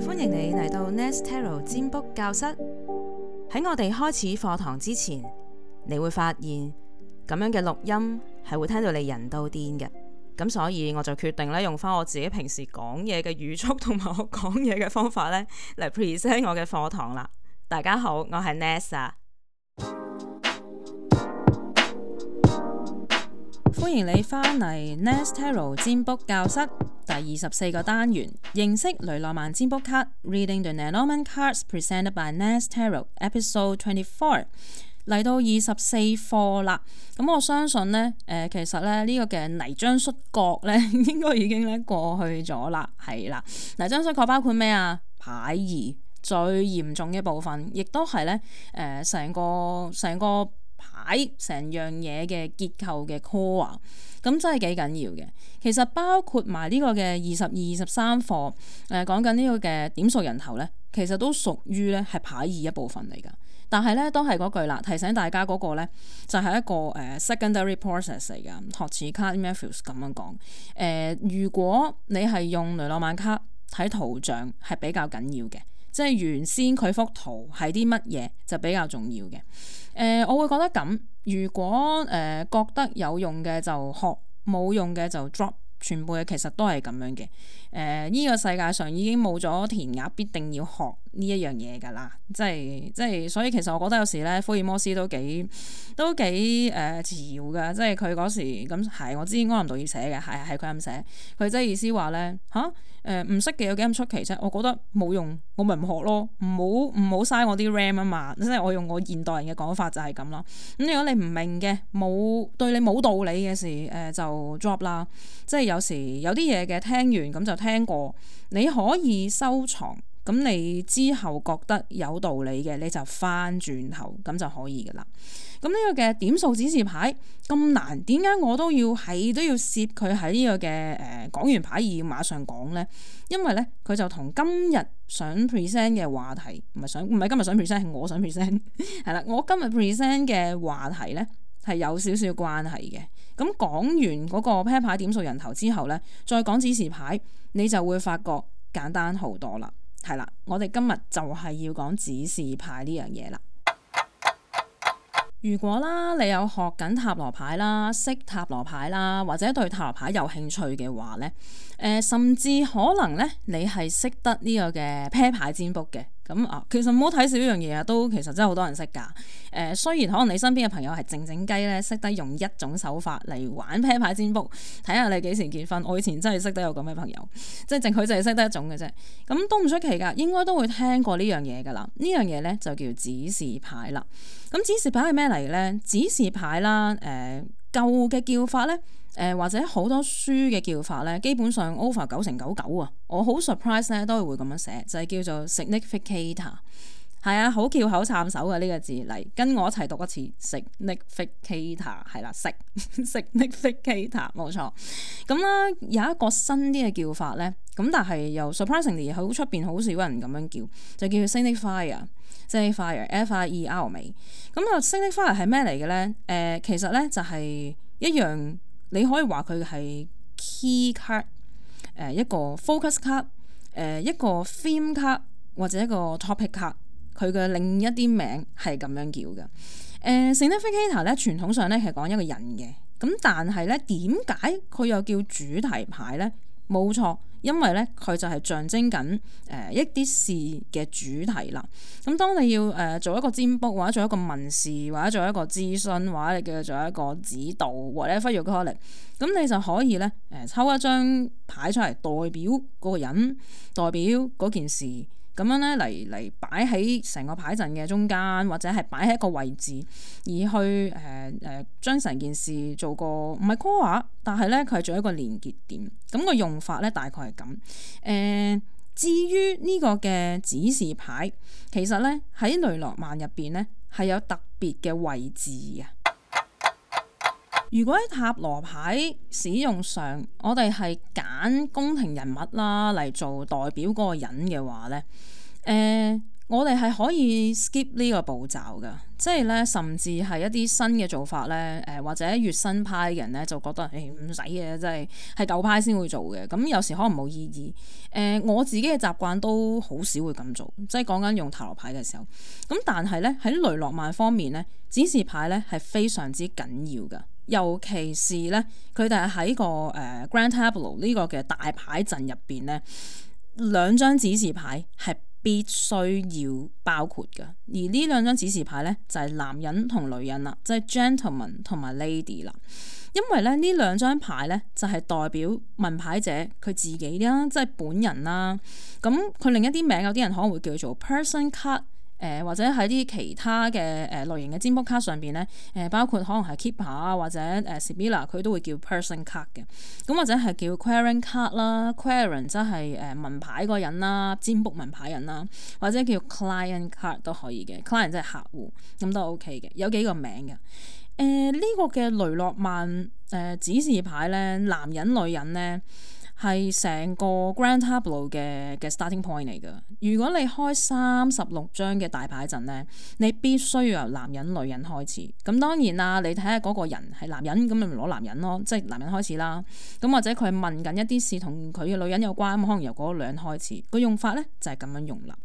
歡迎你嚟到 Nestero 占卜教室。喺我哋開始課堂之前，你會發現咁樣嘅錄音係會聽到你人到癲嘅。咁所以我就決定咧用翻我自己平時講嘢嘅語速同埋我講嘢嘅方法咧嚟 present 我嘅課堂啦。大家好，我係 Nesta 啊。歡迎你返嚟 Nestero 占卜教室。第二十四個單元認識雷諾曼占卜卡，Reading the Lenormand Cards presented by Naz Tarot, Episode 24，嚟到二十四課啦。咁、嗯、我相信呢，誒、呃，其實咧呢個嘅泥漿摔角呢應該已經咧過去咗啦，係啦。泥漿摔角包括咩啊？牌二最嚴重嘅部分，亦都係呢誒，成、呃、個成個牌成樣嘢嘅結構嘅 core。咁真係幾緊要嘅，其實包括埋呢個嘅二十二、二十三課，誒、呃、講緊呢個嘅點數人頭呢，其實都屬於呢係牌意一部分嚟㗎。但係呢都係嗰句啦，提醒大家嗰個咧就係、是、一個誒、呃、secondary process 嚟㗎，學似 Card Matthews 咁樣講。誒、呃，如果你係用雷諾曼卡睇圖像，係比較緊要嘅。即係原先佢幅圖係啲乜嘢就比較重要嘅。誒、呃，我會覺得咁，如果誒、呃，覺得有用嘅就學，冇用嘅就 drop，全部嘢其實都係咁樣嘅。誒，呢、呃，這個世界上已經冇咗填鴨必定要學呢一樣嘢噶啦，即係即係，所以其實我覺得有時咧，福爾摩斯都幾都幾誒潮噶，即係佢嗰時咁係、嗯嗯，我知柯南道爾寫嘅，係係佢咁寫，佢即係意思話咧吓，誒唔識嘅有幾咁出奇啫，我覺得冇用，我咪唔學咯，唔好唔好嘥我啲 RAM 啊嘛，即係我用我現代人嘅講法就係咁咯。咁、嗯、如果你唔明嘅，冇對你冇道理嘅事，誒、呃、就 drop 啦，即係有時有啲嘢嘅聽完咁就。聽過，你可以收藏。咁你之後覺得有道理嘅，你就翻轉頭，咁就可以噶啦。咁呢個嘅點數指示牌咁難，點解我都要喺都要攝佢喺呢個嘅誒、呃、講完牌而要馬上講咧？因為咧，佢就同今日想 present 嘅話題唔係想唔係今日想 present，係我想 present 係 啦。我今日 present 嘅話題咧係有少少關係嘅。咁講完嗰個啤牌點數人頭之後呢，再講指示牌，你就會發覺簡單好多啦。係啦，我哋今日就係要講指示牌呢樣嘢啦。如果啦，你有學緊塔羅牌啦，識塔羅牌啦，或者對塔羅牌有興趣嘅話呢，誒、呃，甚至可能呢，你係識得呢個嘅啤牌占卜嘅。咁啊，其實唔好睇少呢樣嘢啊，都其實真係好多人識噶。誒、呃，雖然可能你身邊嘅朋友係靜靜雞咧，識得用一種手法嚟玩啤牌占卜，睇下你幾時結婚。我以前真係識得有咁嘅朋友，即係淨佢淨係識得一種嘅啫。咁、嗯、都唔出奇噶，應該都會聽過呢樣嘢噶啦。呢樣嘢咧就叫指示牌啦。咁指示牌係咩嚟咧？指示牌啦，誒、呃舊嘅叫法呢，誒、呃、或者好多書嘅叫法呢，基本上 over 九成九九啊，我好 surprise 咧都係會咁樣寫，就係、是、叫做 Significator 係啊，好巧口撐手嘅呢個字，嚟跟我一齊讀一次 Significator 係啦，Sig、Significator 冇錯。咁啦，有一個新啲嘅叫法呢，咁但係又 surprisingly 好出面好少人咁樣叫，就叫 Signifier。Signifier，f i e r 尾，咁啊，Signifier 係咩嚟嘅咧？誒、呃，其實咧就係一樣，你可以話佢係 key card，誒、呃、一個 focus card，誒、呃、一個 theme card 或者一個 topic card，佢嘅另一啲名係咁樣叫嘅。誒、呃，Significator 咧傳統上咧係講一個人嘅，咁但係咧點解佢又叫主題牌咧？冇錯。因為咧，佢就係象徵緊誒一啲事嘅主題啦。咁當你要誒做一個占卜，或者做一個問事，或者做一個諮詢，或者叫做一個指導，或者忽悠 call 力，咁你就可以咧誒抽一張牌出嚟，代表嗰個人，代表嗰件事。咁樣咧，嚟嚟擺喺成個牌陣嘅中間，或者係擺喺一個位置，而去誒誒、呃呃、將成件事做個唔係 core 話，但係咧佢係做一個連結點。咁個用法咧大概係咁誒。至於呢個嘅指示牌，其實咧喺雷諾曼入邊咧係有特別嘅位置嘅。如果喺塔羅牌使用上，我哋係揀宮廷人物啦，嚟做代表嗰個人嘅話咧，誒、呃，我哋係可以 skip 呢個步驟噶，即係咧，甚至係一啲新嘅做法咧，誒、呃，或者越新派嘅人咧就覺得誒唔使嘅，即係係舊派先會做嘅。咁有時可能冇意義。誒、呃，我自己嘅習慣都好少會咁做，即係講緊用塔羅牌嘅時候。咁但係咧喺雷諾曼方面咧，指示牌咧係非常之緊要噶。尤其是咧，佢哋係喺個誒 Grand Tableau 呢個嘅大牌陣入邊咧，兩張指示牌係必須要包括噶。而呢兩張指示牌咧，就係、是、男人同女人啦，即係 gentleman 同埋 lady 啦。因為咧，呢兩張牌咧，就係代表問牌者佢自己啦，即係本人啦。咁佢另一啲名，有啲人可能會叫做 person card。誒、呃、或者喺啲其他嘅誒、呃、類型嘅占卜卡上邊咧，誒、呃、包括可能係 Keeper 卡啊，或者誒、呃、Sibilla 佢都會叫 Person card 嘅，咁或者係叫 Querent card 啦，Querent 即、就、係、是、誒、呃、文牌個人啦，占卜文牌人啦，或者叫 Client card 可 cl 都可以嘅，Client 即係客戶咁都 O K 嘅，有幾個名嘅誒呢個嘅雷諾曼誒、呃、指示牌咧，男人女人咧。係成個 Grand Tableau 嘅嘅 starting point 嚟噶。如果你開三十六張嘅大牌陣咧，你必須要由男人、女人開始。咁當然啦，你睇下嗰個人係男人，咁就攞男人咯，即係男人開始啦。咁或者佢問緊一啲事同佢嘅女人有關，可能由嗰兩開始。個用法咧就係、是、咁樣用啦。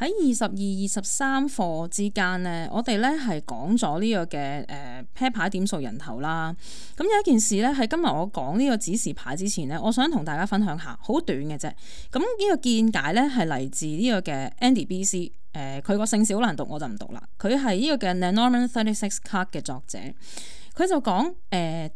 喺二十二、二十三課之間咧，我哋咧係講咗呢個嘅誒 pair 牌點數人頭啦。咁有一件事咧，喺今日我講呢個指示牌之前咧，我想同大家分享下，好短嘅啫。咁呢個見解咧、呃，係嚟自呢個嘅 Andy BC，誒佢個姓氏好難讀，我就唔讀啦。佢係呢個嘅 Norman Thirty Six Card 嘅作者，佢就講誒點、呃、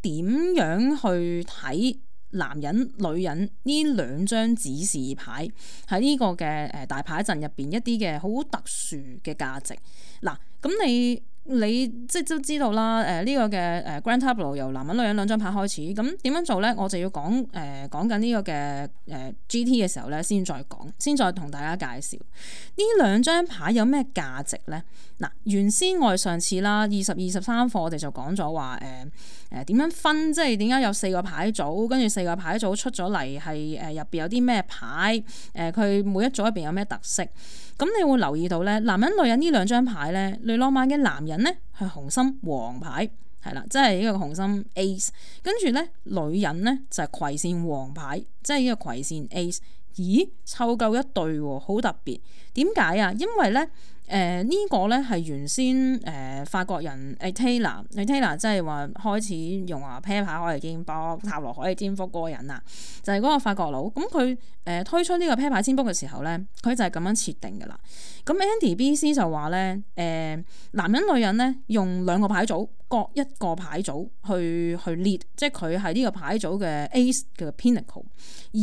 樣去睇。男人、女人呢兩張指示牌，喺呢個嘅誒大牌陣入邊一啲嘅好特殊嘅價值嗱，咁你。你即係都知道啦，誒、這、呢個嘅誒 Grand Tableau 由男人女人兩張牌開始，咁點樣做咧？我就要講誒講緊呢個嘅誒、呃、GT 嘅時候咧，先再講，先再同大家介紹呢兩張牌有咩價值咧？嗱、呃，原先我哋上次啦，二十二十三課我哋就講咗話誒誒點樣分，即係點解有四個牌組，跟住四個牌組出咗嚟係誒入邊有啲咩牌，誒、呃、佢每一組入邊有咩特色。咁你會留意到咧，男人、女人呢兩張牌咧，雷諾曼嘅男人咧係紅心王牌，係啦，即係呢個紅心 ace，跟住咧女人咧就係、是、葵扇王牌，即係呢個葵扇 ace，咦，湊夠一對、哦，好特別，點解啊？因為咧。誒呢、呃這個咧係原先誒、呃、法國人 Itala，Itala 即係話開始用話啤牌可以占卜，塔羅可以占卜個人啦，就係、是、嗰個法國佬。咁佢誒推出呢個啤牌占卜嘅時候咧，佢就係咁樣設定嘅啦。咁 Andy B C 就話咧，誒、呃、男人女人咧用兩個牌組，各一個牌組去去 lead 即係佢係呢個牌組嘅 ace 嘅 pinnacle。而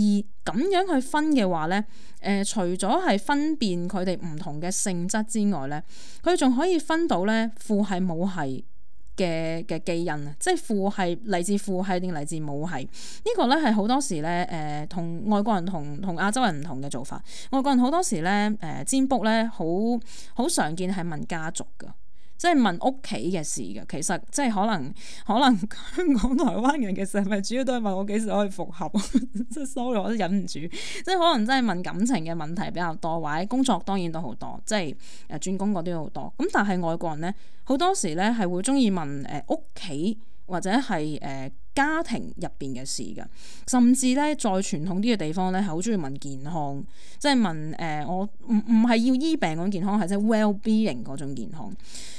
咁樣去分嘅話咧。誒除咗係分辨佢哋唔同嘅性質之外咧，佢仲可以分到咧父系母系嘅嘅基因啊，即係父系嚟自父系定嚟自母系，呢個咧係好多時咧誒同外國人同同亞洲人唔同嘅做法，外國人好多時咧誒、呃、占卜咧好好常見係問家族㗎。即係問屋企嘅事嘅，其實即係可能可能香港台灣人嘅事係咪主要都係問我幾時可以復合，即 係 sorry 我都忍唔住，即係可能真係問感情嘅問題比較多，或者工作當然都好多，即係誒轉工嗰啲好多。咁但係外國人咧，好多時咧係會鍾意問誒屋企。呃或者係誒、呃、家庭入邊嘅事㗎，甚至咧再傳統啲嘅地方咧，係好鍾意問健康，即係問誒、呃、我唔唔係要醫病嗰種健康，係即係 well-being 型嗰種健康。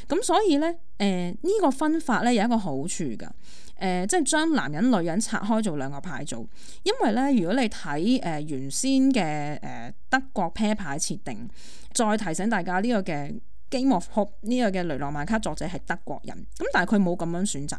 咁所以咧誒呢、呃這個分法咧有一個好處㗎，誒、呃、即係將男人女人拆開做兩個牌做，因為咧如果你睇誒、呃、原先嘅誒、呃、德國啤牌設定，再提醒大家呢個嘅。基莫霍呢個嘅雷諾曼卡作者係德國人，咁但係佢冇咁樣選擇，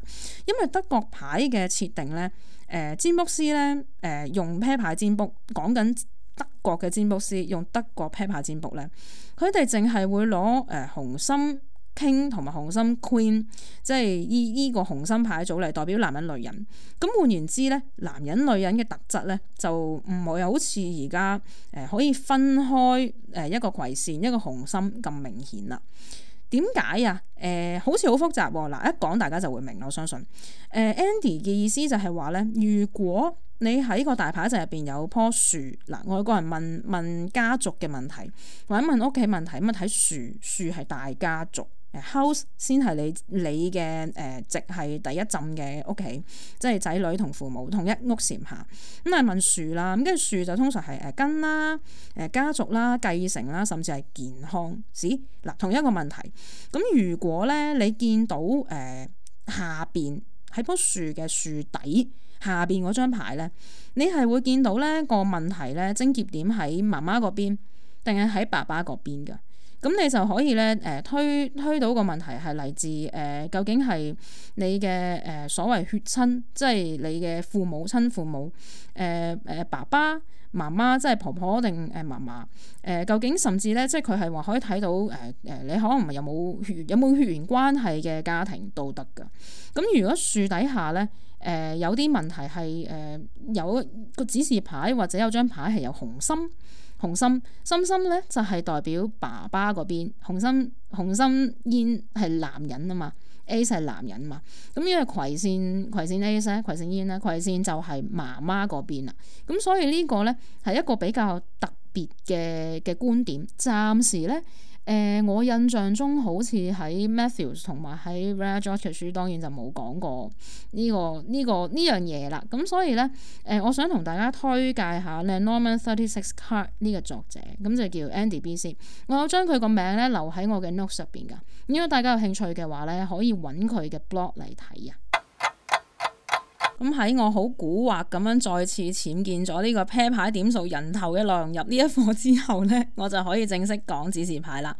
因為德國牌嘅設定呢，誒、呃，占卜師呢，誒、呃，用 pair 牌占卜，講緊德國嘅占卜師用德國 pair 牌占卜呢，佢哋淨係會攞誒、呃、紅心。King 同埋紅心 Queen，即係依依個紅心牌組嚟代表男人女人。咁換言之咧，男人女人嘅特質咧就唔會好似而家誒，可以分開誒，一個葵線一個紅心咁明顯啦。點解啊？誒、呃、好似好複雜嗱、哦，一講大家就會明啦。我相信誒、呃、Andy 嘅意思就係話咧，如果你喺個大牌仔入邊有棵樹嗱，外、呃、國人問問家族嘅問題或者問屋企問題，咁啊睇樹樹係大家族。house 先係你你嘅誒直係第一浸嘅屋企，即係仔女同父母同一屋檐下。咁係問樹啦，咁跟住樹就通常係誒根啦、誒、呃、家族啦、繼承啦，甚至係健康。咦嗱同一個問題。咁如果咧你見到誒、呃、下邊喺棵樹嘅樹底下邊嗰張牌咧，你係會見到咧個問題咧癥結點喺媽媽嗰邊定係喺爸爸嗰邊㗎？咁你就可以咧，誒推推到個問題係嚟自誒、呃，究竟係你嘅誒、呃、所謂血親，即係你嘅父母親、父母，誒誒、呃、爸爸媽媽，即係婆婆定誒嫲嫲，誒、呃、究竟甚至咧，即係佢係話可以睇到誒誒、呃，你可能唔係有冇血有冇血緣關係嘅家庭都得㗎。咁如果樹底下咧，誒、呃、有啲問題係誒、呃、有個指示牌或者有張牌係有紅心。紅心，心心咧就係代表爸爸嗰邊。紅心，紅心煙係男人啊嘛，A 係男人啊嘛。咁因為葵線，葵線 A 咧，葵線煙咧，葵線就係媽媽嗰邊啦。咁所以呢個咧係一個比較特別嘅嘅觀點。暫時咧。誒、呃，我印象中好似喺 Matthews 同埋喺 Red Jacket 書當然就冇講過呢、這個呢、這個呢、這個樣嘢啦。咁所以咧，誒、呃，我想同大家推介下咧 Norman Thirty Six Card 呢個作者，咁就叫 Andy B C。我有將佢個名咧留喺我嘅 notes 入邊噶，如果大家有興趣嘅話咧，可以揾佢嘅 blog 嚟睇啊。咁喺我好古惑咁樣再次僭建咗呢個啤牌點數人頭嘅內容入呢一課之後呢，我就可以正式講指示牌啦。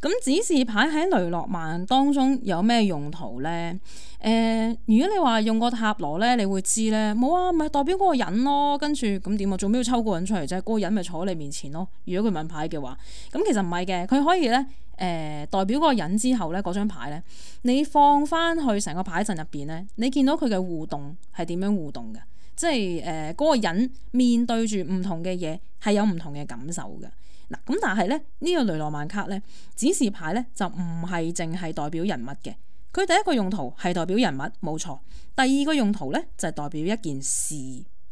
咁指示牌喺雷諾曼當中有咩用途咧？誒、呃，如果你話用個塔羅咧，你會知咧，冇啊，咪代表嗰個人咯。跟住咁點啊？做咩要抽人、嗰個人出嚟啫？嗰個人咪坐喺你面前咯。如果佢問牌嘅話，咁、嗯、其實唔係嘅，佢可以咧誒、呃、代表嗰個人之後咧嗰張牌咧，你放翻去成個牌陣入邊咧，你見到佢嘅互動係點樣互動嘅？即係誒嗰個人面對住唔同嘅嘢係有唔同嘅感受嘅。嗱，咁但係咧呢個雷諾曼卡咧，指示牌咧，就唔係淨係代表人物嘅，佢第一個用途係代表人物冇錯，第二個用途咧就係代表一件事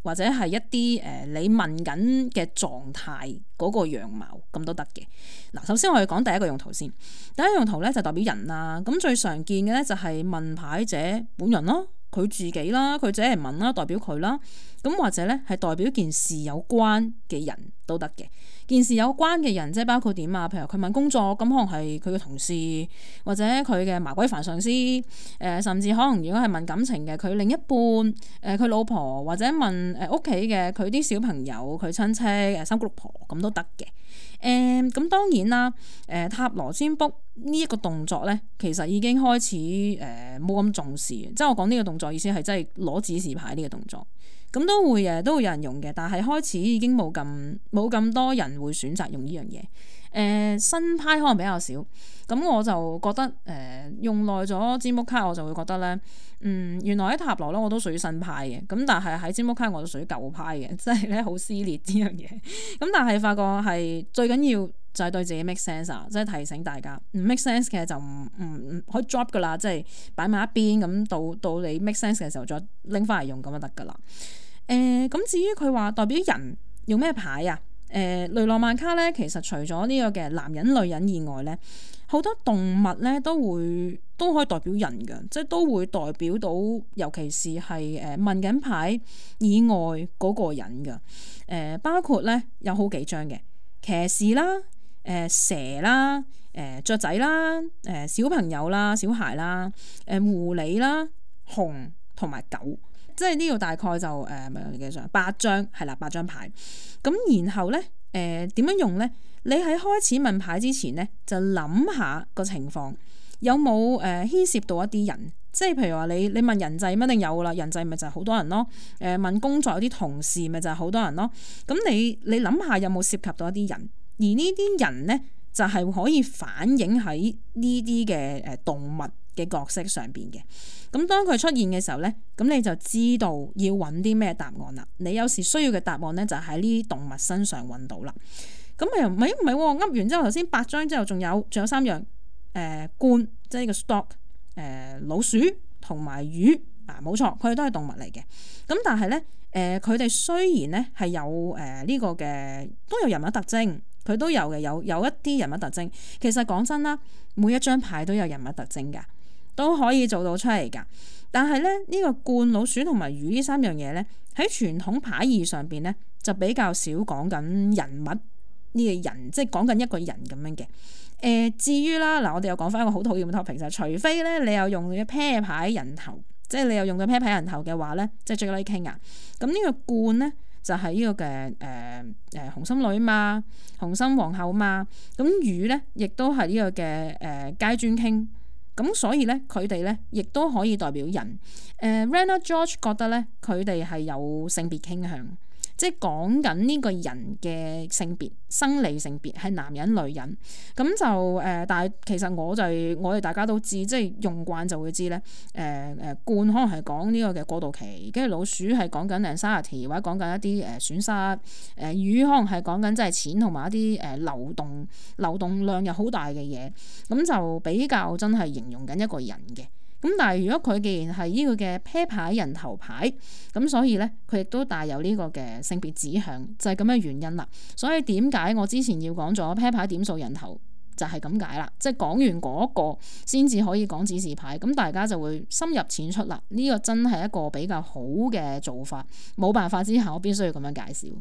或者係一啲誒、呃、你問緊嘅狀態嗰個樣貌咁都得嘅。嗱，首先我哋講第一個用途先，第一個用途咧就代表人啦，咁最常見嘅咧就係問牌者本人咯。佢自己啦，佢即係問啦，代表佢啦，咁或者咧係代表件事有關嘅人都得嘅。件事有關嘅人即係包括點啊？譬如佢問工作，咁可能係佢嘅同事，或者佢嘅麻鬼煩上司，誒、呃，甚至可能如果係問感情嘅，佢另一半，誒、呃，佢老婆，或者問誒屋企嘅佢啲小朋友，佢親戚，誒，三姑六婆咁都得嘅。誒，咁、嗯、當然啦。誒，塔羅占卜呢一個動作咧，其實已經開始誒冇咁重視。即係我講呢個動作意思係真係攞指示牌呢個動作，咁都會嘅，都會有人用嘅，但係開始已經冇咁冇咁多人會選擇用呢樣嘢。誒、呃、新派可能比較少，咁我就覺得誒、呃、用耐咗支付卡，我就會覺得咧，嗯，原來喺塔羅咧我都屬於新派嘅，咁但係喺支付卡我都屬於舊派嘅，即係咧好撕裂呢樣嘢。咁但係發覺係最緊要就係對自己 make sense 啊，即係提醒大家唔 make sense 嘅就唔唔可以 drop 噶啦，即係擺埋一邊，咁到到你 make sense 嘅時候再拎翻嚟用咁就得㗎啦。誒、呃、咁至於佢話代表人用咩牌啊？誒、呃、雷諾曼卡咧，其實除咗呢個嘅男人、女人以外咧，好多動物咧都會都可以代表人㗎，即係都會代表到，尤其是係誒問緊牌以外嗰個人㗎。誒、呃、包括咧有好幾張嘅騎士啦、誒、呃、蛇啦、誒、呃、雀仔啦、誒、呃、小朋友啦、小孩啦、誒狐狸啦、熊同埋狗。即係呢度大概就誒咪幾張八張係啦，八張牌。咁然後咧誒點樣用咧？你喺開始問牌之前咧，就諗下個情況有冇誒牽涉到一啲人。即係譬如話你你問人際一定有噶啦，人際咪就係好多人咯。誒問工作有啲同事咪就係好多人咯。咁你你諗下有冇涉及到一啲人？而呢啲人咧就係可以反映喺呢啲嘅誒動物嘅角色上邊嘅。咁，當佢出現嘅時候呢，咁你就知道要揾啲咩答案啦。你有時需要嘅答案呢，就喺呢啲動物身上揾到啦。咁咪，唔係唔係，噏、哦、完之後頭先八張之後，仲有仲有三樣誒、呃，罐即係呢個 stock 誒、呃，老鼠同埋魚啊，冇錯，佢哋都係動物嚟嘅。咁但係呢，誒、呃，佢哋雖然呢係有誒呢、呃這個嘅都有人物特徵，佢都有嘅有有一啲人物特徵。其實講真啦，每一張牌都有人物特徵噶。都可以做到出嚟噶，但係咧呢、呢個冠老鼠同埋魚呢三樣嘢咧，喺傳統牌意上邊咧就比較少講緊人物呢、呢個人，即係講緊一個人咁樣嘅。誒、呃，至於啦嗱，我哋又講翻一個好討厭嘅 topic 就係、是，除非咧你又用嘅啤牌人頭，即係你又用嘅啤牌人頭嘅話咧，即係追嗰啲傾啊。咁呢、就是、個冠咧就係呢個嘅誒誒紅心女嘛，紅心皇后嘛。咁魚咧亦都係呢個嘅誒階磚傾。呃咁所以咧，佢哋咧亦都可以代表人。誒、呃，Rena George 覺得咧，佢哋係有性別傾向。即係講緊呢個人嘅性別、生理性別係男人、女人，咁就誒、呃，但係其實我就我哋大家都知，即係用慣就會知咧，誒誒罐可能係講呢個嘅過渡期，跟住老鼠係講緊零三或者講緊一啲誒損失，誒、呃、魚可能係講緊即係錢同埋一啲誒流動流動量又好大嘅嘢，咁就比較真係形容緊一個人嘅。咁但係如果佢既然係呢個嘅啤牌人頭牌，咁所以呢，佢亦都帶有呢個嘅性別指向，就係咁嘅原因啦。所以點解我之前要講咗啤牌點數人頭就係咁解啦。即係講完嗰個先至可以講指示牌，咁大家就會深入淺出啦。呢個真係一個比較好嘅做法。冇辦法之下，我必須要咁樣介紹。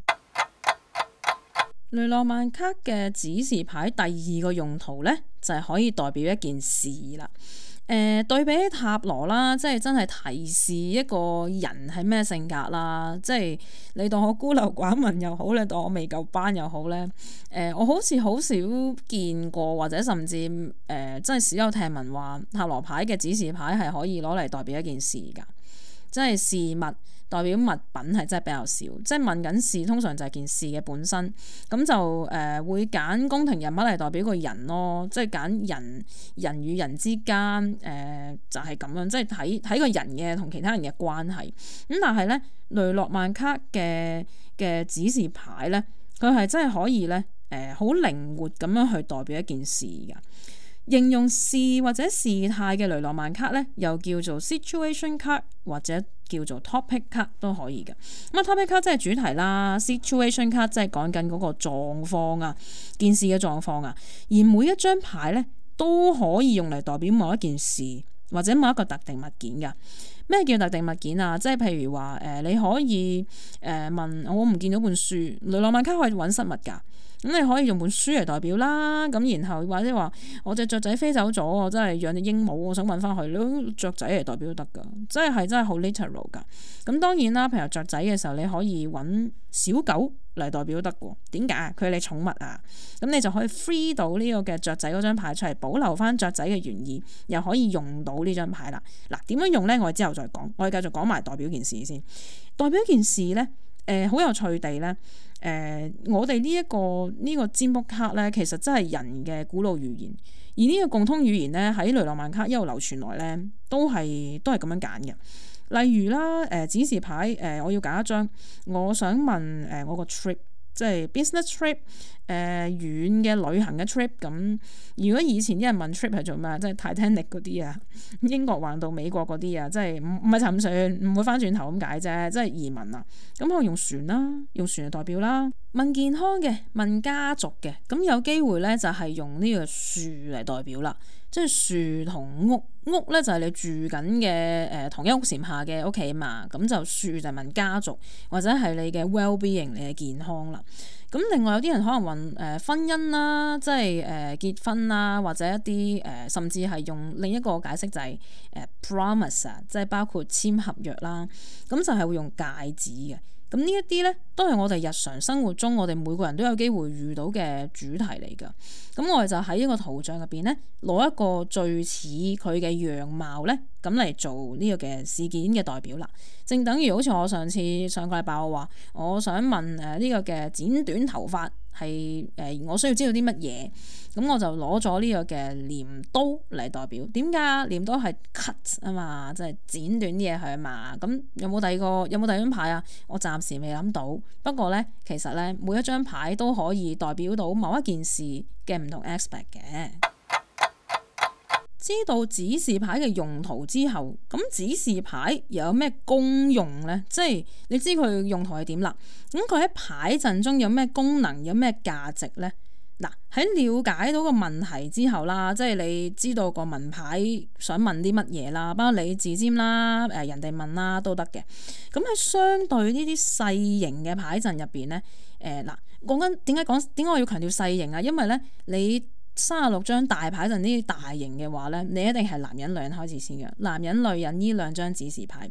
雷諾曼卡嘅指示牌第二個用途呢，就係可以代表一件事啦。誒、呃，對比塔羅啦，即係真係提示一個人係咩性格啦，即係你當我孤陋寡聞又好你當我未夠班又好咧。誒、呃，我好似好少見過或者甚至誒、呃，真係少有聽聞話塔羅牌嘅指示牌係可以攞嚟代表一件事噶。即係事物代表物品係真係比較少，即係問緊事通常就係件事嘅本身，咁就誒、呃、會揀宮廷人物嚟代表個人咯，即係揀人人與人之間誒、呃、就係、是、咁樣，即係睇睇個人嘅同其他人嘅關係。咁但係咧，雷諾曼卡嘅嘅指示牌咧，佢係真係可以咧誒好靈活咁樣去代表一件事㗎。形容事或者事態嘅雷諾曼卡咧，又叫做 Situation Card 或者叫做 Topic Card 都可以嘅。咁啊，Topic Card 即係主題啦，Situation Card 即係講緊嗰個狀況啊，件事嘅狀況啊。而每一張牌咧都可以用嚟代表某一件事或者某一個特定物件㗎。咩叫特定物件啊？即係譬如話誒、呃，你可以誒、呃、問我唔見到本書，雷諾曼卡可以揾失物㗎。咁你可以用本書嚟代表啦，咁然後或者話我隻雀仔飛走咗，我真係養隻鸚鵡，我想搵翻佢。你用雀仔嚟代表都得噶，真係真係好 literal 噶。咁當然啦，譬如雀仔嘅時候，你可以搵小狗嚟代表都得。點解？佢係你寵物啊。咁你就可以 free 到呢個嘅雀仔嗰張牌出嚟，保留翻雀仔嘅原意，又可以用到呢張牌啦。嗱，點樣用呢？我哋之後再講。我哋繼續講埋代表件事先。代表件事呢。誒好、呃、有趣地呢，誒、呃、我哋呢一個呢、這個占卜卡呢，其實真係人嘅古老語言，而呢個共通語言呢，喺雷諾曼卡一路流傳來呢，都係都係咁樣揀嘅。例如啦，誒、呃、指示牌，誒、呃、我要揀一張，我想問誒、呃、我個 trip。即係 business trip，誒、呃、遠嘅旅行嘅 trip 咁。如果以前啲人問 trip 係做咩，即係 Titanic 嗰啲啊，英國橫到美國嗰啲啊，即係唔唔係沉船，唔會翻轉頭咁解啫，即係移民啊。咁可以用船啦，用船嚟代表啦。問健康嘅，問家族嘅，咁有機會咧就係用呢個樹嚟代表啦。即係樹同屋，屋咧，就係你住緊嘅誒同一屋檐下嘅屋企嘛。咁就樹就問家族或者係你嘅 well-being，你嘅健康啦。咁另外有啲人可能問誒婚姻啦，即係誒結婚啦，或者一啲誒甚至係用另一個解釋就係誒 promise 啊，即係包括簽合約啦。咁就係會用戒指嘅。咁呢一啲咧。都係我哋日常生活中，我哋每個人都有機會遇到嘅主題嚟㗎。咁我哋就喺呢個圖像入邊呢，攞一個最似佢嘅樣貌呢，咁嚟做呢個嘅事件嘅代表啦。正等於好似我上次上個禮拜我話，我想問誒呢、呃這個嘅剪短頭髮係誒、呃、我需要知道啲乜嘢，咁我就攞咗呢個嘅鐮刀嚟代表。點解鐮刀係 cut 啊嘛，即、就、係、是、剪短啲嘢係嘛？咁有冇第二個有冇第二張牌啊？我暫時未諗到。不過咧，其實咧，每一張牌都可以代表到某一件事嘅唔同 aspect 嘅。知道指示牌嘅用途之後，咁指示牌又有咩功用呢？即係你知佢用途係點啦。咁佢喺牌陣中有咩功能，有咩價值呢？嗱，喺了解到個問題之後啦，即係你知道個文牌想問啲乜嘢啦，包括你自尖啦，誒人哋問啦都得嘅。咁喺相對呢啲細型嘅牌陣入邊咧，誒嗱，講緊點解，講點解我要強調細型啊？因為咧你。三十六張大牌陣呢啲大型嘅話呢，你一定係男人女人開始先嘅，男人女人呢兩張指示牌。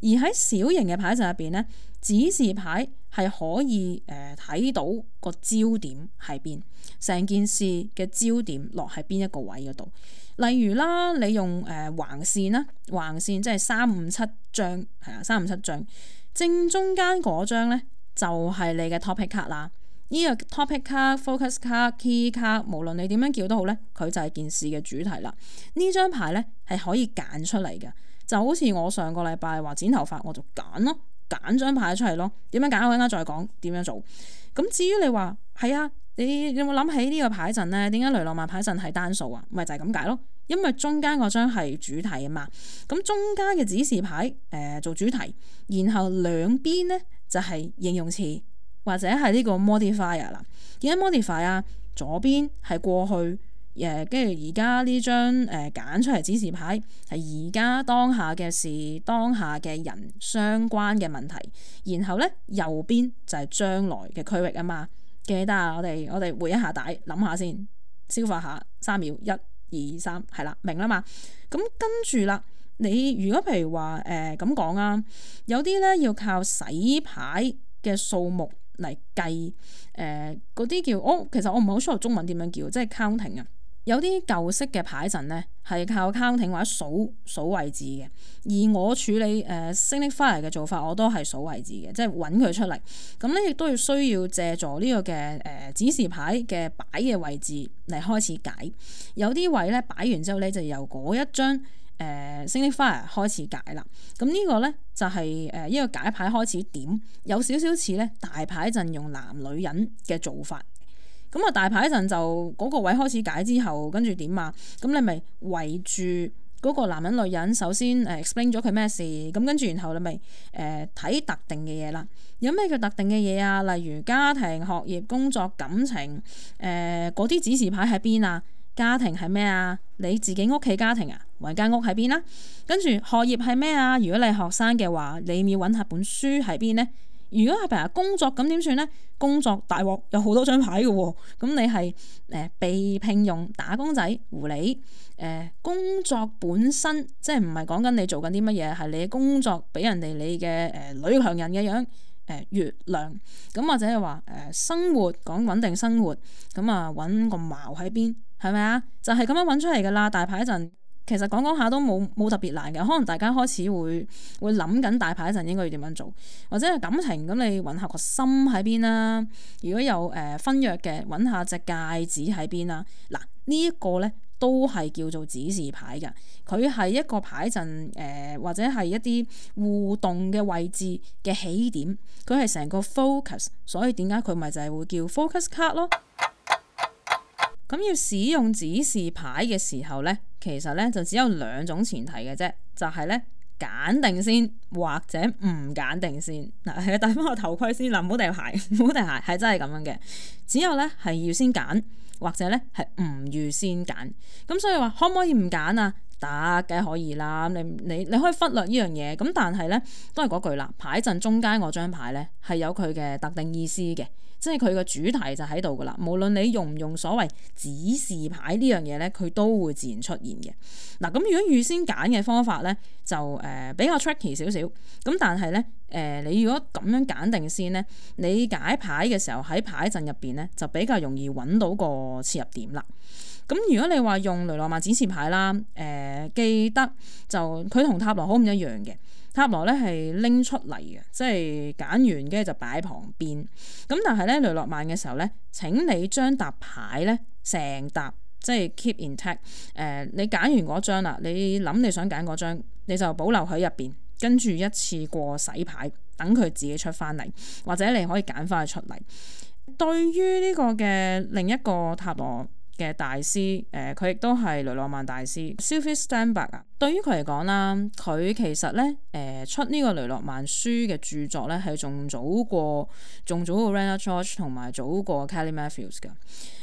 而喺小型嘅牌陣入邊呢，指示牌係可以誒睇到個焦點喺邊，成件事嘅焦點落喺邊一個位嗰度。例如啦，你用誒橫線啦，橫線即係三五七張，係啊，三五七張正中間嗰張咧，就係你嘅 topic card 啦。呢個 topic 卡、focus 卡、key 卡，無論你點樣叫都好咧，佢就係件事嘅主題啦。呢張牌咧係可以揀出嚟嘅，就好似我上個禮拜話剪頭髮，我就揀咯，揀張牌出嚟咯。點樣揀？我一陣間再講，點樣做。咁至於你話係啊，你有冇諗起呢個牌陣咧？點解雷諾曼牌陣係單數啊？咪就係、是、咁解咯，因為中間嗰張係主題啊嘛。咁中間嘅指示牌誒、呃、做主題，然後兩邊咧就係形容詞。或者係呢個 modifier 啦，點解 modifier 啊？左邊係過去誒，跟住而家呢張誒揀出嚟指示牌係而家當下嘅事、當下嘅人相關嘅問題，然後咧右邊就係將來嘅區域啊嘛。記得啊，我哋我哋回一下帶，諗下先，消化下三秒，一、二、三，係啦，明啦嘛。咁跟住啦，你如果譬如話誒咁講啊，有啲咧要靠洗牌嘅數目。嚟計誒嗰啲叫我、哦、其實我唔係好熟中文點樣叫，即係 counting 啊。有啲舊式嘅牌陣咧，係靠 counting 或者數數位置嘅。而我處理誒升力返嚟嘅做法，我都係數位置嘅，即係揾佢出嚟。咁咧亦都要需要借助呢個嘅誒、呃、指示牌嘅擺嘅位置嚟開始解。有啲位咧擺完之後咧，就由嗰一張。誒，Signifier 開始解啦。咁、嗯，這個、呢個咧就係、是、誒、呃、一個解牌開始點，有少少似咧大牌陣用「男女人」嘅做法。咁、嗯、啊，大牌陣就嗰、那個位開始解之後，跟住點啊？咁、嗯、你咪圍住嗰個男人女人，首先誒、呃、explain 咗佢咩事，咁跟住然後你咪誒睇特定嘅嘢啦。有咩叫特定嘅嘢啊？例如家庭、學業、工作、感情，誒嗰啲指示牌喺邊啊？家庭係咩啊，啊？你自己屋企家庭啊？搵間屋喺邊啦，跟住學業係咩啊？如果你係學生嘅話，你要搵下本書喺邊呢？如果係譬如工作咁點算呢？工作大鑊有好多張牌嘅、哦，咁你係誒、呃、被聘用打工仔、狐狸誒、呃、工作本身即係唔係講緊你做緊啲乜嘢，係你嘅工作俾人哋你嘅誒、呃、女強人嘅樣誒、呃、月亮咁，或者係話誒生活講穩定生活咁啊，搵個矛喺邊係咪啊？就係、是、咁樣搵出嚟噶啦，大牌一陣。其實講講下都冇冇特別難嘅，可能大家開始會會諗緊大牌陣應該要點樣做，或者係感情咁你揾下個心喺邊啦。如果有誒婚約嘅，揾下隻戒指喺邊啦。嗱、這個、呢一個咧都係叫做指示牌㗎，佢係一個牌陣誒、呃，或者係一啲互動嘅位置嘅起點，佢係成個 focus，所以點解佢咪就係會叫 focus card 咯？咁要使用指示牌嘅時候咧，其實咧就只有兩種前提嘅啫，就係咧揀定先或者唔揀定先。嗱，係戴翻個頭盔先，嗱唔好掉鞋，唔好掉鞋，係真係咁樣嘅。只有咧係要先揀或者咧係唔預先揀。咁所以話可唔可以唔揀啊？得嘅可以啦，你你你可以忽略呢樣嘢，咁但係咧都係嗰句啦，牌陣中間嗰張牌咧係有佢嘅特定意思嘅，即係佢嘅主題就喺度噶啦。無論你用唔用所謂指示牌呢樣嘢咧，佢都會自然出現嘅。嗱，咁如果預先揀嘅方法咧，就誒、呃、比較 tricky 少少，咁但係咧誒你如果咁樣揀定先咧，你解牌嘅時候喺牌陣入邊咧就比較容易揾到個切入點啦。咁如果你話用雷諾曼展示牌啦，誒、呃、記得就佢同塔羅好唔一樣嘅，塔羅咧係拎出嚟嘅，即係揀完跟住就擺喺旁邊。咁但係咧雷諾曼嘅時候咧，請你將沓牌咧成沓即係 keep intact、呃。誒，你揀完嗰張啦，你諗你想揀嗰張，你就保留喺入邊，跟住一次過洗牌，等佢自己出翻嚟，或者你可以揀翻佢出嚟。對於呢個嘅另一個塔羅嘅大師，誒、佢亦都係雷諾曼大師。Sylvie Steinberg 啊，對於佢嚟講啦，佢其實咧，誒、呃、出呢個雷諾曼書嘅著作咧，係仲早過仲早過 Rena George 同埋早過 Kelly Matthews 嘅。誒、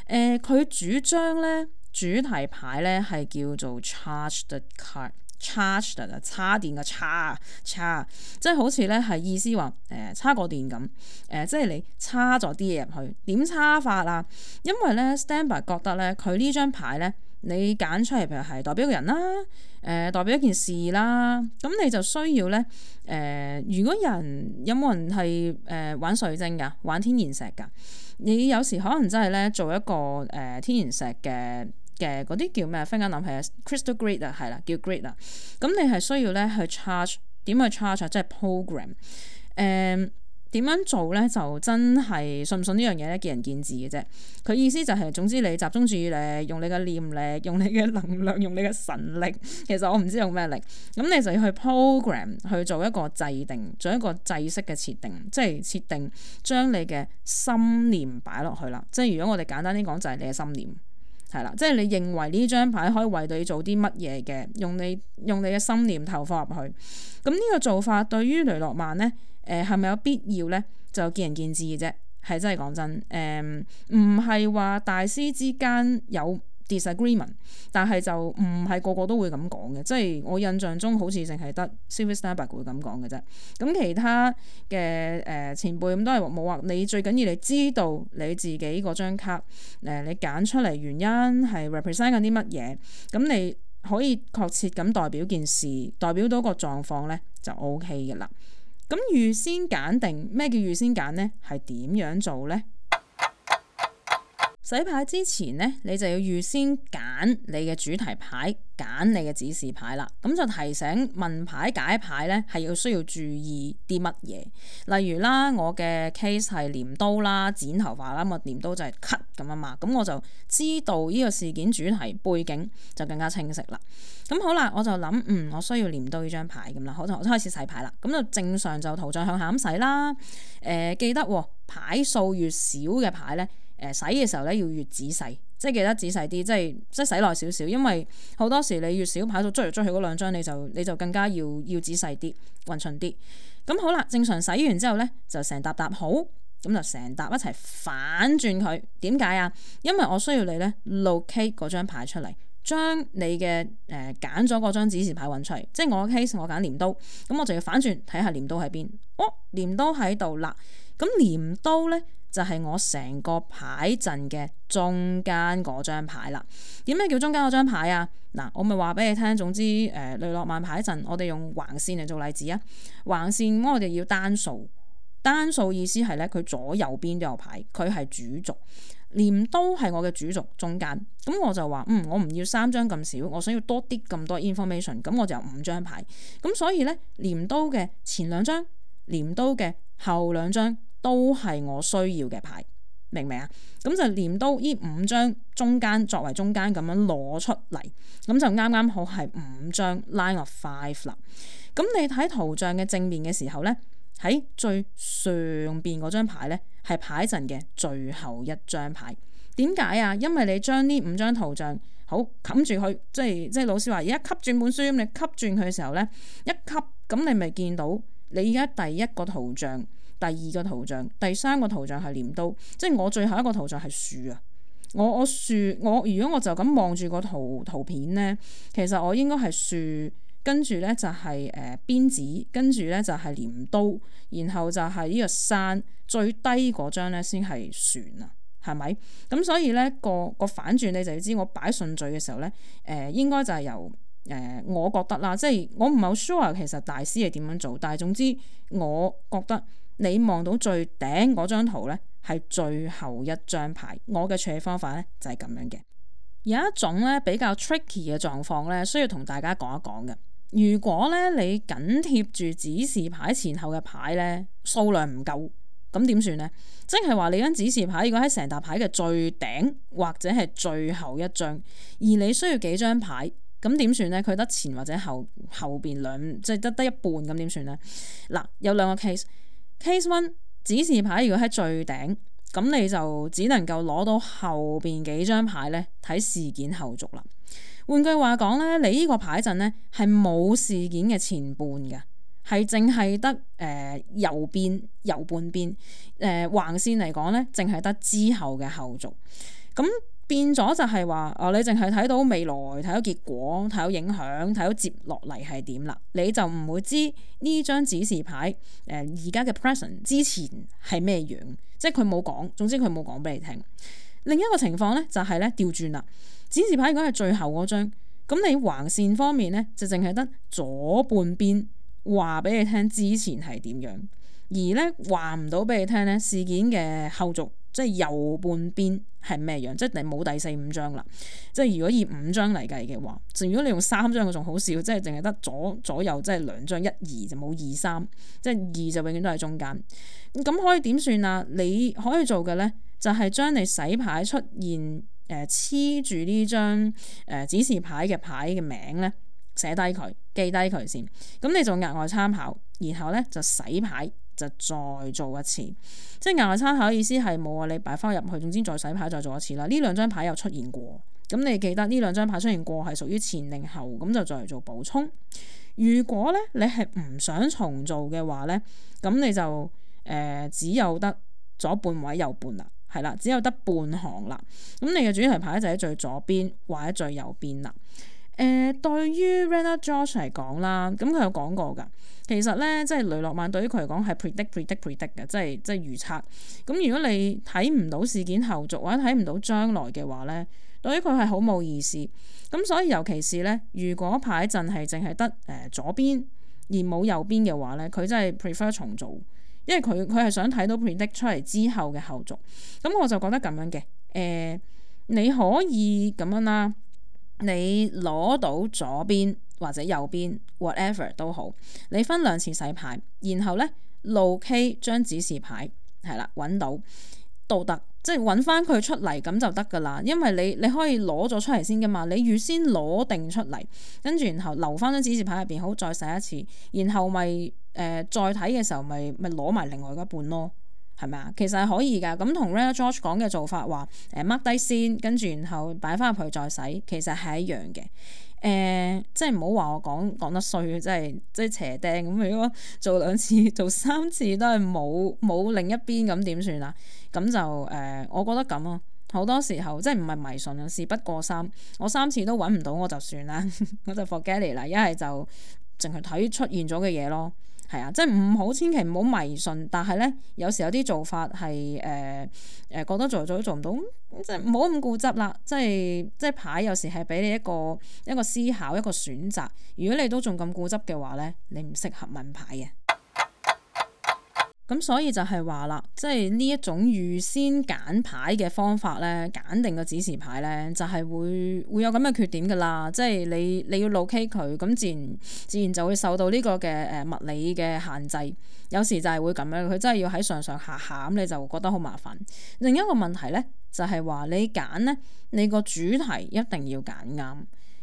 呃、佢主張咧，主題牌咧係叫做 Charge the Card。Charge 就係叉電嘅叉，叉，即係好似咧係意思話誒叉個電咁誒、呃，即係你叉咗啲嘢入去，點叉法啊？因為咧 Stamba 覺得咧佢呢張牌咧，你揀出嚟譬如係代表個人啦，誒、呃、代表一件事啦，咁你就需要咧誒、呃，如果有人有冇人係誒、呃、玩水晶噶，玩天然石噶，你有時可能真係咧做一個誒、呃、天然石嘅。嘅嗰啲叫咩？分間諗起 Crystal Grid 啊，係啦，叫 Grid 啊。咁你係需要咧去 charge，點去 charge 即係 program、嗯。誒點樣做咧？就真係信唔信呢樣嘢咧？見仁見智嘅啫。佢意思就係、是、總之你集中注意力，用你嘅念力、用你嘅能量，用你嘅神力。其實我唔知用咩力。咁你就要去 program 去做一個制定，做一個制式嘅設定，即係設定將你嘅心念擺落去啦。即係如果我哋簡單啲講，就係、是、你嘅心念。係啦，即係你認為呢張牌可以為你做啲乜嘢嘅，用你用你嘅心念投放入去。咁呢個做法對於雷諾曼呢，誒係咪有必要呢？就見仁見智嘅啫，係真係講真，誒唔係話大師之間有。Disagreement，但係就唔係個個都會咁講嘅，即係我印象中好似淨係得 civil standard 會咁講嘅啫。咁其他嘅誒前輩咁都係話冇話。你最緊要你知道你自己嗰張卡誒，你揀出嚟原因係 represent 緊啲乜嘢，咁你可以確切咁代表件事，代表到個狀況咧就 OK 嘅啦。咁預先揀定，咩叫預先揀呢？係點樣做咧？洗牌之前咧，你就要預先揀你嘅主題牌，揀你嘅指示牌啦。咁就提醒問牌解牌咧，係要需要注意啲乜嘢？例如啦，我嘅 case 係鐮刀啦，剪頭髮啦，咁啊，鐮刀就係 cut 咁啊嘛。咁我就知道呢個事件主題背景就更加清晰啦。咁好啦，我就諗嗯，我需要鐮刀呢張牌咁啦，好，就開始洗牌啦。咁就正常就圖像向下咁洗啦。誒、呃，記得牌數越少嘅牌咧。誒、呃、洗嘅時候咧，要越仔細，即係記得仔細啲，即係即係洗耐少少，因為好多時你越少牌，到捉嚟捉去嗰兩張，你就你就更加要要仔細啲，勻循啲。咁、嗯、好啦，正常洗完之後咧，就成沓沓好，咁就成沓一齊反轉佢。點解啊？因為我需要你咧，locate 嗰張牌出嚟，將你嘅誒揀咗嗰張指示牌揾出嚟。即係我 case，我揀鐮刀，咁、嗯、我就要反轉睇下鐮刀喺邊？哦，鐮刀喺度啦。咁鐮刀咧？就係我成個牌陣嘅中間嗰張牌啦。點解叫中間嗰張牌啊？嗱，我咪話俾你聽，總之誒，雷諾曼牌陣，我哋用橫線嚟做例子啊。橫線我哋要單數，單數意思係咧，佢左右邊都有牌，佢係主軸，鐮刀係我嘅主軸中間。咁我就話嗯，我唔要三張咁少，我想要多啲咁多 information。咁我就有五張牌咁，所以咧鐮刀嘅前兩張，鐮刀嘅後兩張。都係我需要嘅牌，明唔明啊？咁就連到呢五張中間作為中間咁樣攞出嚟，咁就啱啱好係五張 line of five 啦。咁你睇圖像嘅正面嘅時候呢，喺最上邊嗰張牌呢，係牌陣嘅最後一張牌。點解啊？因為你將呢五張圖像好冚住佢，即係即係老師話而家吸轉本書，咁你吸轉佢嘅時候呢，一吸咁你咪見到你而家第一個圖像。第二個圖像，第三個圖像係鐮刀，即係我最後一個圖像係樹啊。我我樹我如果我就咁望住個圖圖片咧，其實我應該係樹跟住咧就係誒鞭子，跟住咧就係鐮刀，然後就係呢個山最低嗰張咧先係船啊，係咪咁？所以咧個個反轉，你就要知我擺順序嘅時候咧，誒、呃、應該就係由誒、呃、我覺得啦，即係我唔係好 sure 其實大師係點樣做，但係總之我覺得。你望到最頂嗰張圖呢，係最後一張牌。我嘅處理方法呢，就係咁樣嘅。有一種咧比較 tricky 嘅狀況呢，需要同大家講一講嘅。如果咧你緊貼住指示牌前後嘅牌呢，數量唔夠，咁點算呢？即係話你張指示牌如果喺成沓牌嘅最頂或者係最後一張，而你需要幾張牌咁點算呢？佢得前或者後後邊兩即係得得一半咁點算呢？嗱，有兩個 case。Case one，指示牌如果喺最頂，咁你就只能夠攞到後邊幾張牌，咧睇事件後續啦。換句話講咧，你呢個牌陣咧係冇事件嘅前半嘅，係淨係得誒右邊右半邊誒橫線嚟講咧，淨係得之後嘅後續咁。變咗就係話，哦、呃，你淨係睇到未來，睇到結果，睇到影響，睇到接落嚟係點啦，你就唔會知呢張指示牌誒而、呃、家嘅 present 之前係咩樣，即係佢冇講，總之佢冇講俾你聽。另一個情況咧就係咧調轉啦，指示牌應該係最後嗰張，咁你橫線方面咧就淨係得左半邊話俾你聽之前係點樣，而咧話唔到俾你聽咧事件嘅後續。即係右半邊係咩樣？即係你冇第四五張啦。即係如果以五張嚟計嘅話，如果你用三張嘅仲好少，即係淨係得左左右即係兩張一二就冇二三，即係二就永遠都係中間。咁可以點算啊？你可以做嘅呢，就係、是、將你洗牌出現誒黐、呃、住呢張誒、呃、指示牌嘅牌嘅名呢，寫低佢，記低佢先。咁你做額外參考，然後呢就洗牌。就再做一次，即係額外參考意思係冇啊。你擺翻入去，總之再洗牌再做一次啦。呢兩張牌又出現過，咁你記得呢兩張牌出現過係屬於前定後，咁就再嚟做補充。如果咧你係唔想重做嘅話咧，咁你就誒、呃，只有得左半位右半啦，係啦，只有得半行啦。咁你嘅主題牌就喺最左邊或者最右邊啦。誒、呃，對於 Randall Johnson 嚟講啦，咁佢有講過㗎，其實咧即係雷諾曼對於佢嚟講係 predict、predict、predict 嘅，即係即係預測。咁如果你睇唔到事件後續或者睇唔到將來嘅話咧，對於佢係好冇意思。咁所以尤其是咧，如果排陣係淨係得誒左邊而冇右邊嘅話咧，佢真係 prefer 重做，因為佢佢係想睇到 predict 出嚟之後嘅後續。咁我就覺得咁樣嘅，誒、呃，你可以咁樣啦、啊。你攞到左邊或者右邊，whatever 都好。你分兩次洗牌，然後咧露 K 張指示牌係啦揾到到達，即係揾翻佢出嚟咁就得噶啦。因為你你可以攞咗出嚟先噶嘛，你預先攞定出嚟，跟住然後留翻張指示牌入邊，好再洗一次，然後咪誒、呃、再睇嘅時候咪咪攞埋另外嗰一半咯。係咪啊？其實係可以噶，咁同 Ray、George 講嘅做法話，mark 低先，跟住然後擺翻入去再洗，其實係一樣嘅。誒、呃，即係唔好話我講講得衰，即係即係斜釘咁。如果做兩次、做三次都係冇冇另一邊咁點算啊？咁就誒、呃，我覺得咁咯、啊。好多時候即係唔係迷信啊，事不過三。我三次都揾唔到我就算啦， 我就 forget 嚟啦。一係就淨係睇出現咗嘅嘢咯。係啊，即係唔好千祈唔好迷信。但係咧，有時有啲做法係誒誒，覺得做嚟做去都做唔到，即係唔好咁固執啦。即係即係牌，有時係俾你一個一個思考，一個選擇。如果你都仲咁固執嘅話咧，你唔適合問牌嘅。咁、嗯、所以就係話啦，即係呢一種預先揀牌嘅方法咧，揀定個指示牌咧，就係、是、會會有咁嘅缺點噶啦。即係你你要 locate 佢，咁自然自然就會受到呢個嘅誒、呃、物理嘅限制。有時就係會咁樣，佢真係要喺上上下下，咁你就會覺得好麻煩。另一個問題咧，就係、是、話你揀咧，你個主題一定要揀啱。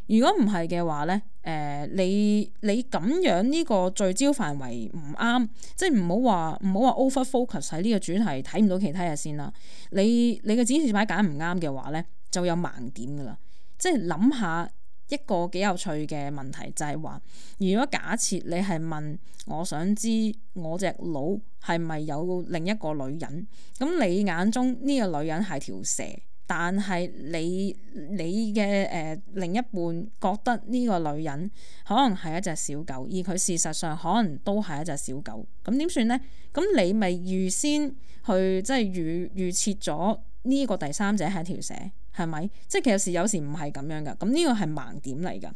如果唔係嘅話咧，誒、呃、你你咁樣呢個聚焦範圍唔啱，即係唔好話唔好話 over focus 喺呢個主題睇唔到其他嘢先啦。你你嘅指示牌揀唔啱嘅話咧，就會有盲點噶啦。即係諗下一個幾有趣嘅問題，就係話，如果假設你係問，我想知我隻腦係咪有另一個女人？咁你眼中呢個女人係條蛇？但係你你嘅誒、呃、另一半覺得呢個女人可能係一隻小狗，而佢事實上可能都係一隻小狗，咁點算呢？咁你咪預先去即係預預設咗呢個第三者係一條蛇。係咪？即係其實有時唔係咁樣㗎。咁呢個係盲點嚟㗎。誒、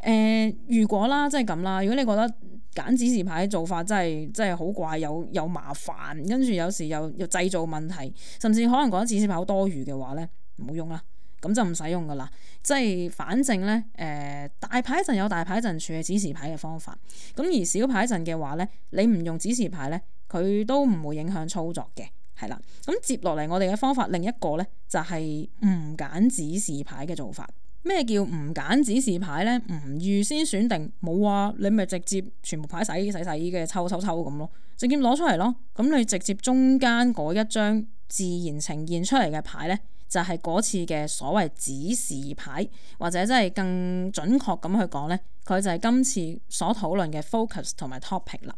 呃，如果啦，即係咁啦。如果你覺得揀指示牌嘅做法真係真係好怪，有有麻煩，跟住有時又又製造問題，甚至可能覺得指示牌好多餘嘅話咧，唔好用啦。咁就唔使用噶啦。即係反正咧，誒、呃、大牌陣有大牌陣處嘅指示牌嘅方法。咁而小牌陣嘅話咧，你唔用指示牌咧，佢都唔會影響操作嘅。係啦，咁接落嚟我哋嘅方法另一個呢就係唔揀指示牌嘅做法。咩叫唔揀指示牌呢？唔預先選定，冇啊，你咪直接全部牌洗洗洗嘅抽抽抽咁咯，直接攞出嚟咯。咁你直接中間嗰一張自然呈現出嚟嘅牌呢，就係嗰次嘅所謂指示牌，或者真係更準確咁去講呢，佢就係今次所討論嘅 focus 同埋 topic 啦。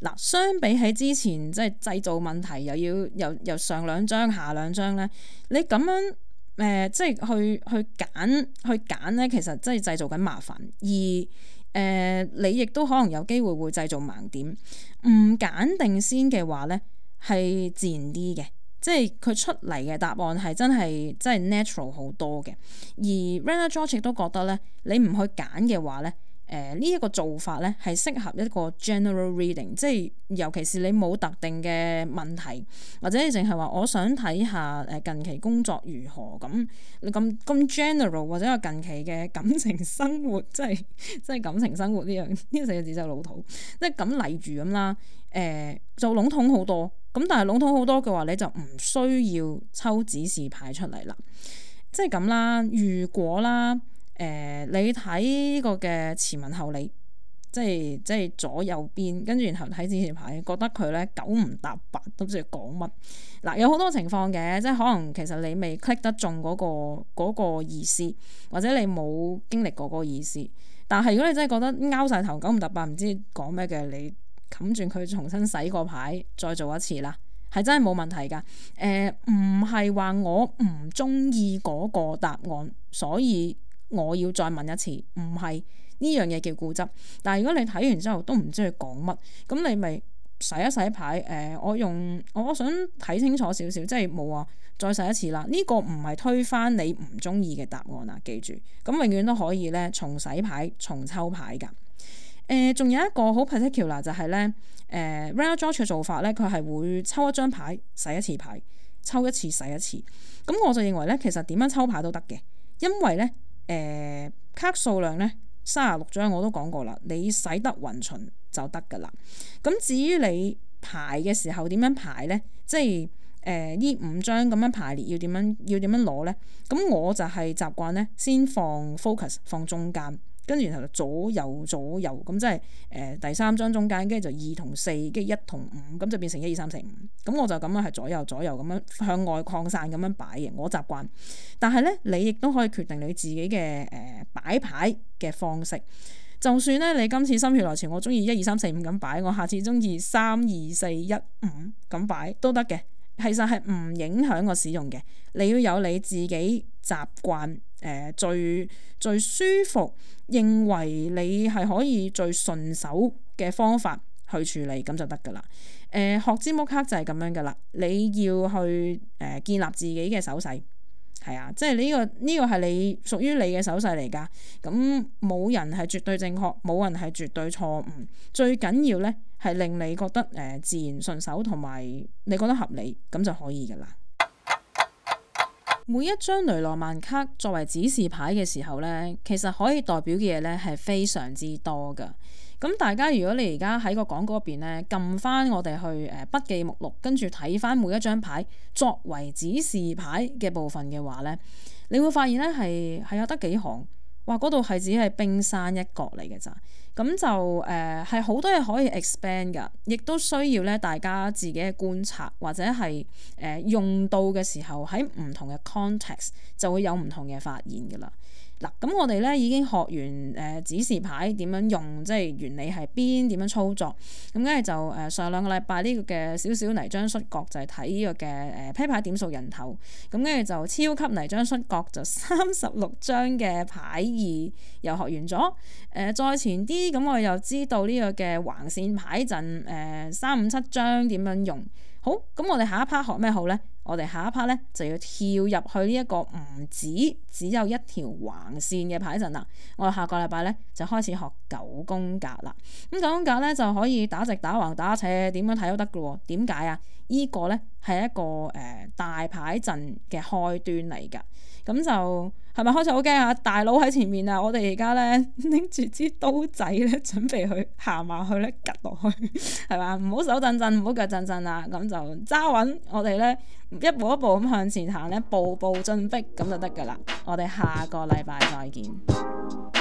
嗱，相比起之前即係製造問題又要又又上兩張下兩張咧，你咁樣誒、呃、即係去去揀去揀咧，其實真係製造緊麻煩。而誒、呃、你亦都可能有機會會製造盲點，唔揀定先嘅話咧，係自然啲嘅，即係佢出嚟嘅答案係真係真係 natural 好多嘅。而 rendering 都覺得咧，你唔去揀嘅話咧。誒呢一個做法咧，係適合一個 general reading，即係尤其是你冇特定嘅問題，或者你淨係話我想睇下誒近期工作如何，咁你咁咁 general 或者個近期嘅感情生活，即係即係感情生活呢樣呢四個字就老土，即係咁例如咁啦，誒就籠統好多，咁但係籠統好多嘅話，你就唔需要抽指示牌出嚟啦，即係咁啦，如果啦。誒、呃，你睇個嘅前文後理，即係即係左右邊，跟住然後睇之前牌，覺得佢咧九唔搭八，都唔知佢講乜嗱。有好多情況嘅，即係可能其實你未 click 得中嗰、嗰個、嗰個意思，或者你冇經歷過嗰個意思。但係如果你真係覺得拗晒頭，九唔搭八，唔知講咩嘅，你冚住佢，重新洗個牌，再做一次啦，係真係冇問題噶。誒、呃，唔係話我唔中意嗰個答案，所以。我要再問一次，唔係呢樣嘢叫固執。但係如果你睇完之後都唔知佢講乜，咁你咪洗一洗牌。誒、呃，我用我想睇清楚少少，即係冇話再洗一次啦。呢、這個唔係推翻你唔鍾意嘅答案啊！記住，咁永遠都可以咧重洗牌、重抽牌㗎。誒、呃，仲有一個好 particular 就係、是、咧，誒 real draw 嘅做法咧，佢係會抽一張牌，洗一次牌，抽一次洗一次。咁我就認為咧，其實點樣抽牌都得嘅，因為咧。誒、呃、卡數量呢，三十六張我都講過啦，你使得勻巡就得㗎啦。咁至於你排嘅時候點樣排呢？即係誒呢五張咁樣排列要點樣要點樣攞呢？咁我就係習慣呢，先放 focus，放中間。跟住，然後就左右左右咁，即係誒、呃、第三張中間，跟住就二同四，跟住一同五，咁就變成一二三四五。咁我就咁樣係左右左右咁樣向外擴散咁樣擺嘅，我習慣。但係咧，你亦都可以決定你自己嘅誒、呃、擺牌嘅方式。就算咧，你今次心血來潮，我中意一二三四五咁擺，我下次中意三二四一五咁擺都得嘅。其實係唔影響我使用嘅。你要有你自己習慣。誒，最最舒服，認為你係可以最順手嘅方法去處理，咁就得㗎啦。誒、呃、學姿摩卡就係咁樣㗎啦。你要去誒、呃、建立自己嘅手勢，係啊，即係你呢、呢個呢、呢個係你屬於你嘅手勢嚟㗎。咁冇人係絕對正確，冇人係絕對錯誤。最緊要咧係令你覺得誒、呃、自然順手，同埋你覺得合理，咁就可以㗎啦。每一張雷諾曼卡作為指示牌嘅時候呢，其實可以代表嘅嘢呢係非常之多㗎。咁大家如果你而家喺個廣告入邊呢，撳翻我哋去誒筆記目錄，跟住睇翻每一張牌作為指示牌嘅部分嘅話呢，你會發現呢係係有得幾行，話嗰度係只係冰山一角嚟嘅咋。咁就誒係好多嘢可以 expand 㗎，亦都需要咧大家自己嘅觀察，或者係誒、呃、用到嘅時候喺唔同嘅 context 就會有唔同嘅發現㗎啦。嗱，咁、嗯、我哋咧已經學完誒指示牌點樣用，即係原理係邊，點樣操作。咁跟住就誒上兩個禮拜呢個嘅少少泥漿摔角，就係睇呢個嘅誒啤牌點數人頭。咁跟住就超級泥漿摔角，就三十六張嘅牌二又學完咗。誒、嗯、再前啲，咁我又知道呢個嘅橫線牌陣誒三五七張點樣用。好，咁我哋下一 part 學咩好咧？我哋下一 part 咧就要跳入去呢一個唔止只有一條橫線嘅牌陣啦。我哋下個禮拜咧就開始學九宮格啦。咁九宮格咧就可以打直、打橫、打斜，點樣睇都得㗎喎。點解啊？呢個呢，係一個誒、呃、大牌陣嘅開端嚟㗎，咁就係咪開始好驚啊？大佬喺前面啊，我哋而家呢，拎住支刀仔呢，準備去行埋去呢，吉落去係嘛？唔好手震震，唔好腳震震啊！咁就揸穩我哋呢，一步一步咁向前行呢，步步進逼咁就得㗎啦。我哋下個禮拜再見。